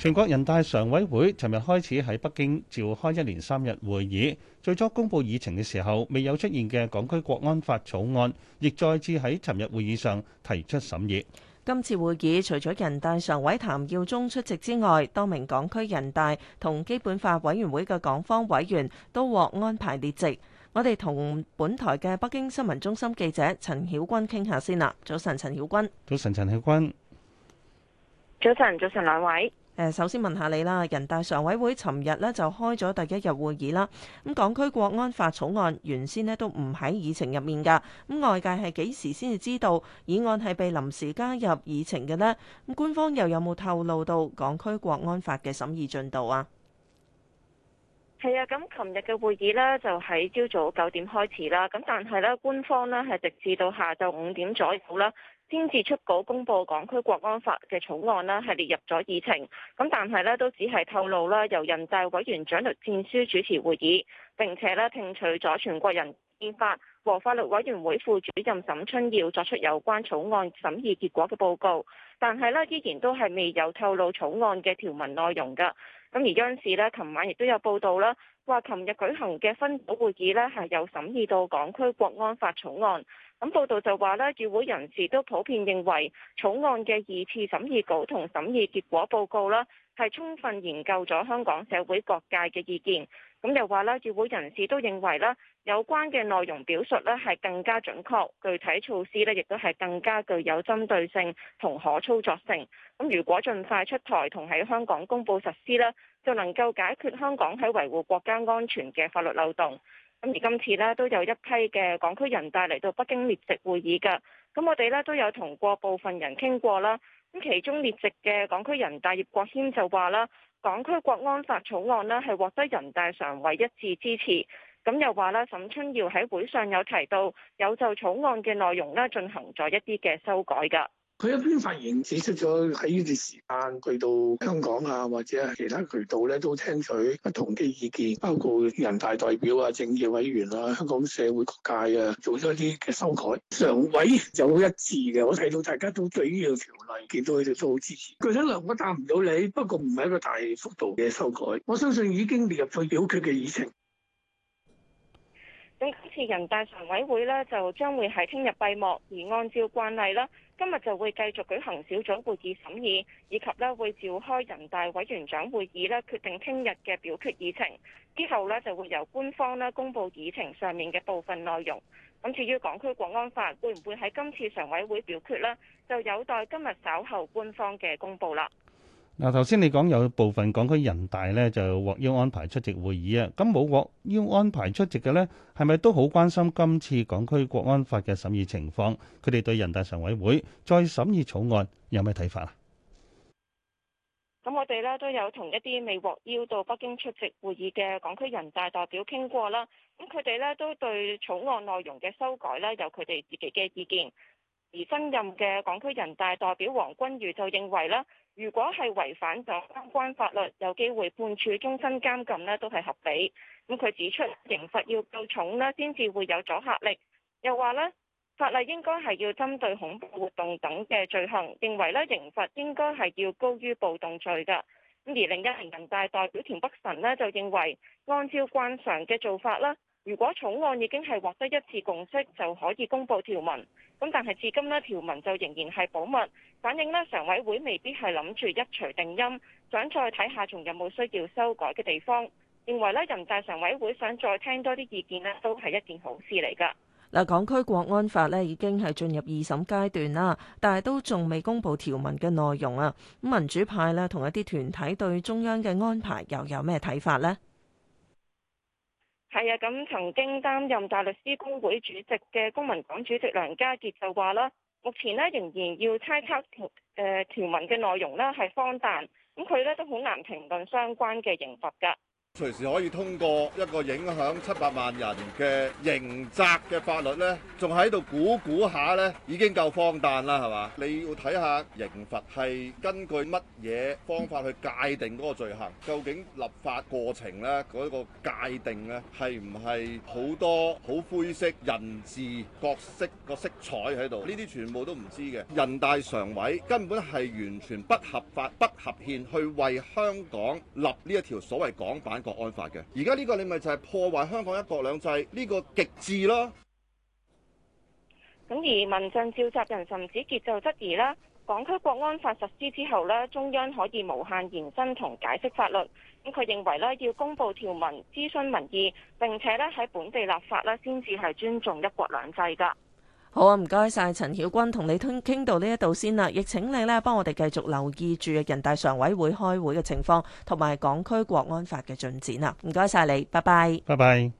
全國人大常委會尋日開始喺北京召開一連三日會議，最初公佈議程嘅時候，未有出現嘅港區國安法草案，亦再次喺尋日會議上提出審議。今次會議除咗人大常委譚耀宗出席之外，多名港區人大同基本法委員會嘅港方委員都獲安排列席。我哋同本台嘅北京新聞中心記者陳曉筠傾下先啦。早晨，陳曉筠。早晨，陳曉筠。早晨，早晨，兩位。誒，首先問下你啦，人大常委會尋日咧就開咗第一日會議啦。咁港區國安法草案原先呢都唔喺議程入面㗎。咁外界係幾時先至知道議案係被臨時加入議程嘅呢？咁官方又有冇透露到港區國安法嘅審議進度啊？係啊，咁尋日嘅會議呢就喺朝早九點開始啦。咁但係呢，官方呢係直至到下晝五點左右啦。先至出稿公布港區國安法嘅草案呢，係列入咗議程。咁但係呢都只係透露啦，由人大委員長栗戰書主持會議，並且呢聽取咗全國人大憲法和法律委員會副主任沈春耀作出有關草案審議結果嘅報告。但係呢，依然都係未有透露草案嘅條文內容㗎。咁而央視呢，琴晚亦都有報道啦，話琴日舉行嘅分組會議呢，係有審議到港區國安法草案。咁報道就話呢，與會人士都普遍認為草案嘅二次審議稿同審議結果報告啦，係充分研究咗香港社會各界嘅意見。咁又話啦，議會人士都認為啦，有關嘅內容表述呢，係更加準確，具體措施呢亦都係更加具有針對性同可操作性。咁如果盡快出台同喺香港公布實施咧，就能夠解決香港喺維護國家安全嘅法律漏洞。咁而今次呢，都有一批嘅港區人大嚟到北京列席會議嘅，咁我哋呢都有同過部分人傾過啦。咁其中列席嘅港區人大葉國謙就話啦。港區國安法草案呢，係獲得人大常委一致支持，咁又話呢沈春耀喺會上有提到，有就草案嘅內容呢，進行咗一啲嘅修改㗎。佢一邊發言指出咗喺呢段時間，去到香港啊，或者其他渠道咧都聽取不同嘅意見，包括人大代表啊、政協委員啊、香港社會各界啊，做咗一啲嘅修改。常委有一致嘅，我睇到大家都對呢條條例見到佢哋都好支持。具體量我答唔到你，不過唔係一個大幅度嘅修改，我相信已經列入去表決嘅議程。今次人大常委會呢，就將會喺聽日閉幕，而按照慣例啦，今日就會繼續舉行小組會議審議，以及呢會召開人大委員長會議呢決定聽日嘅表決議程，之後呢，就會由官方呢公布議程上面嘅部分內容。咁至於《港區國安法》會唔會喺今次常委會表決呢，就有待今日稍後官方嘅公布啦。嗱，頭先你講有部分港區人大呢，就獲邀安排出席會議啊，咁冇獲邀安排出席嘅呢，係咪都好關心今次港區國安法嘅審議情況？佢哋對人大常委會再審議草案有咩睇法啊？咁我哋呢，都有同一啲未獲邀到北京出席會議嘅港區人大代表傾過啦，咁佢哋呢，都對草案內容嘅修改呢，有佢哋自己嘅意見，而新任嘅港區人大代表黃均瑜就認為咧。如果係違反咗相關法律，有機會判處終身監禁呢都係合理。咁佢指出，刑罰要夠重呢先至會有阻嚇力。又話呢法例應該係要針對恐怖活動等嘅罪行，認為呢刑罰應該係要高於暴動罪嘅。咁而另一名人大代表田北辰呢，就認為，按照慣常嘅做法咧。如果草案已經係獲得一次共識，就可以公布條文。咁但係至今呢條文就仍然係保密，反映呢常委會未必係諗住一錘定音，想再睇下仲有冇需要修改嘅地方。認為咧人大常委會想再聽多啲意見呢，都係一件好事嚟㗎。嗱，港區國安法呢已經係進入二審階段啦，但係都仲未公布條文嘅內容啊。咁民主派咧同一啲團體對中央嘅安排又有咩睇法呢？係啊，咁曾經擔任大律師公會主席嘅公民黨主席梁家傑就話啦，目前呢仍然要猜測條誒，條文嘅內容咧係荒誕，咁佢呢都好難評論相關嘅刑罰噶。隨時可以通過一個影響七百萬人嘅刑責嘅法律呢，仲喺度估估下呢已經夠荒誕啦，係嘛？你要睇下刑罰係根據乜嘢方法去界定嗰個罪行？究竟立法過程呢，嗰個界定呢，係唔係好多好灰色人質、角色、個色彩喺度？呢啲全部都唔知嘅。人大常委根本係完全不合法、不合憲去為香港立呢一條所謂港版國安法嘅，而家呢個你咪就係破壞香港一國兩制呢個極致咯。咁而民陣召集人岑子傑就質疑，呢港區國安法實施之後，呢中央可以無限延伸同解釋法律。咁佢認為呢要公布條文、諮詢民意，並且呢喺本地立法，呢先至係尊重一國兩制噶。好啊，唔該晒陳曉筠，同你通傾到呢一度先啦，亦請你咧幫我哋繼續留意住人大常委會開會嘅情況，同埋港區國安法嘅進展啊，唔該晒你，拜拜，拜拜。